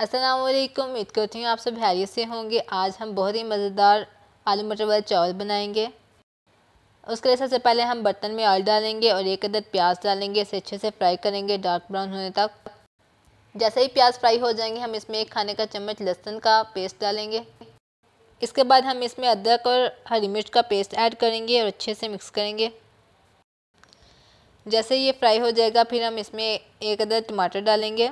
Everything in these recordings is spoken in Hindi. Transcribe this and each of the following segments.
असलम उम्मीद करती हूँ आप सब हैरियत से होंगे आज हम बहुत ही मज़ेदार आलू मटर वाले चावल बनाएंगे उसके लिए सबसे पहले हम बर्तन में ऑयल डालेंगे और एक अदर प्याज डालेंगे इसे अच्छे से फ्राई करेंगे डार्क ब्राउन होने तक जैसे ही प्याज फ्राई हो जाएंगे हम इसमें एक खाने का चम्मच लहसुन का पेस्ट डालेंगे इसके बाद हम इसमें अदरक और हरी मिर्च का पेस्ट ऐड करेंगे और अच्छे से मिक्स करेंगे जैसे ये फ्राई हो जाएगा फिर हम इसमें एक अदर टमाटर डालेंगे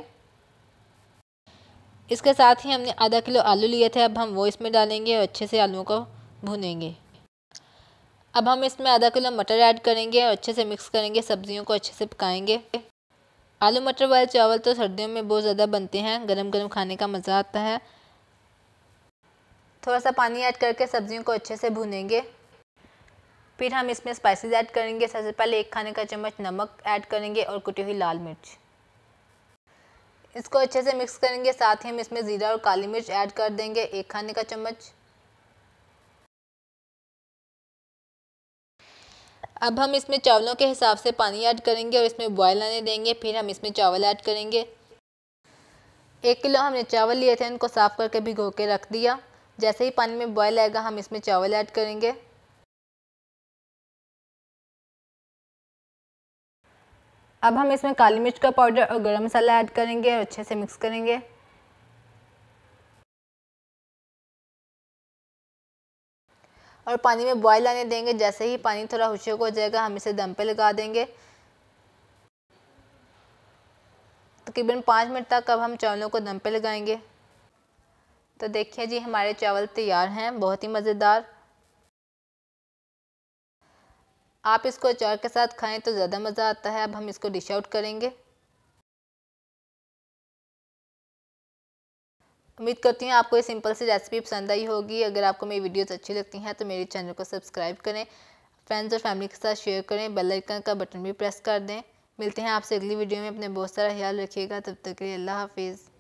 इसके साथ ही हमने आधा किलो आलू लिए थे अब हम वो इसमें डालेंगे और अच्छे से आलू को भुनेंगे अब हम इसमें आधा किलो मटर ऐड करेंगे और अच्छे से मिक्स करेंगे सब्जियों को अच्छे से पकाएंगे आलू मटर वाले चावल तो सर्दियों में बहुत ज़्यादा बनते हैं गरम गरम खाने का मज़ा आता है थोड़ा सा पानी ऐड करके सब्जियों को अच्छे से भुनेंगे फिर हम इसमें स्पाइसेस ऐड करेंगे सबसे पहले एक खाने का चम्मच नमक ऐड करेंगे और कुटी हुई लाल मिर्च इसको अच्छे से मिक्स करेंगे साथ ही हम इसमें ज़ीरा और काली मिर्च ऐड कर देंगे एक खाने का चम्मच अब हम इसमें चावलों के हिसाब से पानी ऐड करेंगे और इसमें बॉयल आने देंगे फिर हम इसमें चावल ऐड करेंगे एक किलो हमने चावल लिए थे इनको साफ़ करके भिगो के रख दिया जैसे ही पानी में बॉयल आएगा हम इसमें चावल ऐड करेंगे अब हम इसमें काली मिर्च का पाउडर और गरम मसाला ऐड करेंगे और अच्छे से मिक्स करेंगे और पानी में बॉयल आने देंगे जैसे ही पानी थोड़ा हुशक हो जाएगा हम इसे दम पे लगा देंगे तकरीबन पाँच मिनट तक अब हम चावलों को दम पे लगाएंगे तो देखिए जी हमारे चावल तैयार हैं बहुत ही मज़ेदार आप इसको अचार के साथ खाएं तो ज़्यादा मज़ा आता है अब हम इसको डिश आउट करेंगे उम्मीद करती हूँ आपको ये सिंपल सी रेसिपी पसंद आई होगी अगर आपको मेरी वीडियोस अच्छी लगती हैं तो मेरे चैनल को सब्सक्राइब करें फ्रेंड्स और फैमिली के साथ शेयर करें बेल आइकन का बटन भी प्रेस कर दें मिलते हैं आपसे अगली वीडियो में अपने बहुत सारा ख्याल रखिएगा तब तक के लिए अल्लाह हाफिज़